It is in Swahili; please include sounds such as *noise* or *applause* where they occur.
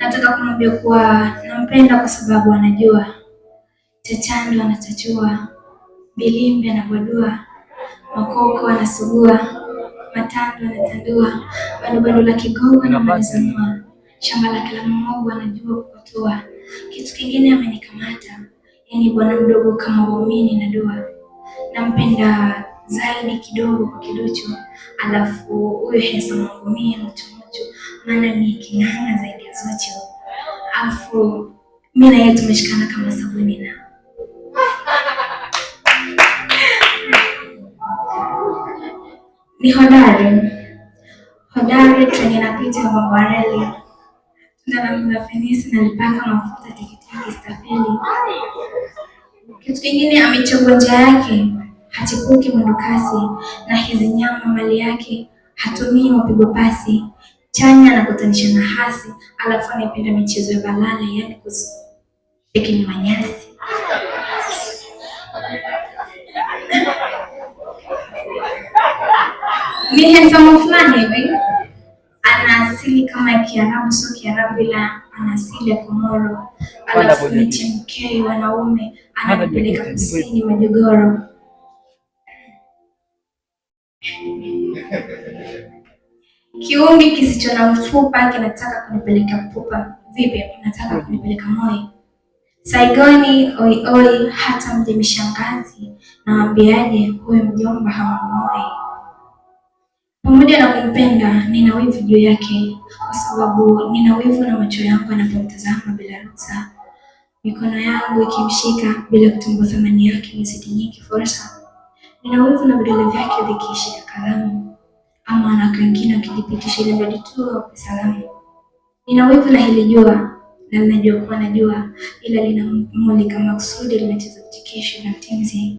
nataka kumwambia kuwa nampenda kwa sababu anajua Chachando anachachua, Bilimbi anabwadua, Makoko anasugua, Matando anatandua, Bandubadu la Kigogo anamalizanua, shamba lake la muhogo anajua kupatua. Kitu kingine amenikamata, yani bwana mdogo kama waumini na dua. Nampenda zaidi kidogo kwa kiduchu, alafu huyo Hesa Mwangumia mtu maana ni kinana zaidi ya zote, alafu mi na yeye tumeshikana kama sabuni na ni hodari hodari kwenye napiti ya bagwareli ndana fenesi na mafuta tikitiki stafeli. Kitu kingine amechagua yake, hachipuki mwendokasi na hizi nyama mali yake, hatumii wapigwa pasi chanya na kutanisha na hasi, alafu anapenda michezo ya balala, yaani kuekenywa wanyasi Ni hesamo fulani hivi, ana asili kama ya Kiarabu, sio Kiarabu, ila ana asili ya Komoro. Alafu ni chemkei wanaume, anapeleka kusini Majogoro. *laughs* Kiumbi kisicho na mfupa kinataka kunipeleka pupa, vipi unataka kunipeleka moyo? Saigoni oi oi, hata mje mishangazi, nawambiaje huyu mjomba hawa moyo. Pamoja na kumpenda, nina wivu juu yake, kwa sababu nina wivu na macho yangu yanapomtazama bila ruhusa, mikono yangu ikimshika bila kutambua thamani yake, nizidi nyingi fursa. Nina wivu na vidole vyake vikiishika kalamu ama wanawake wengine wakijipitisha ile mradi tu wape salamu. Nina na hili jua na ninajua kuwa najua, ila lina mulika maksudi linacheza kuchekesha na mtenzi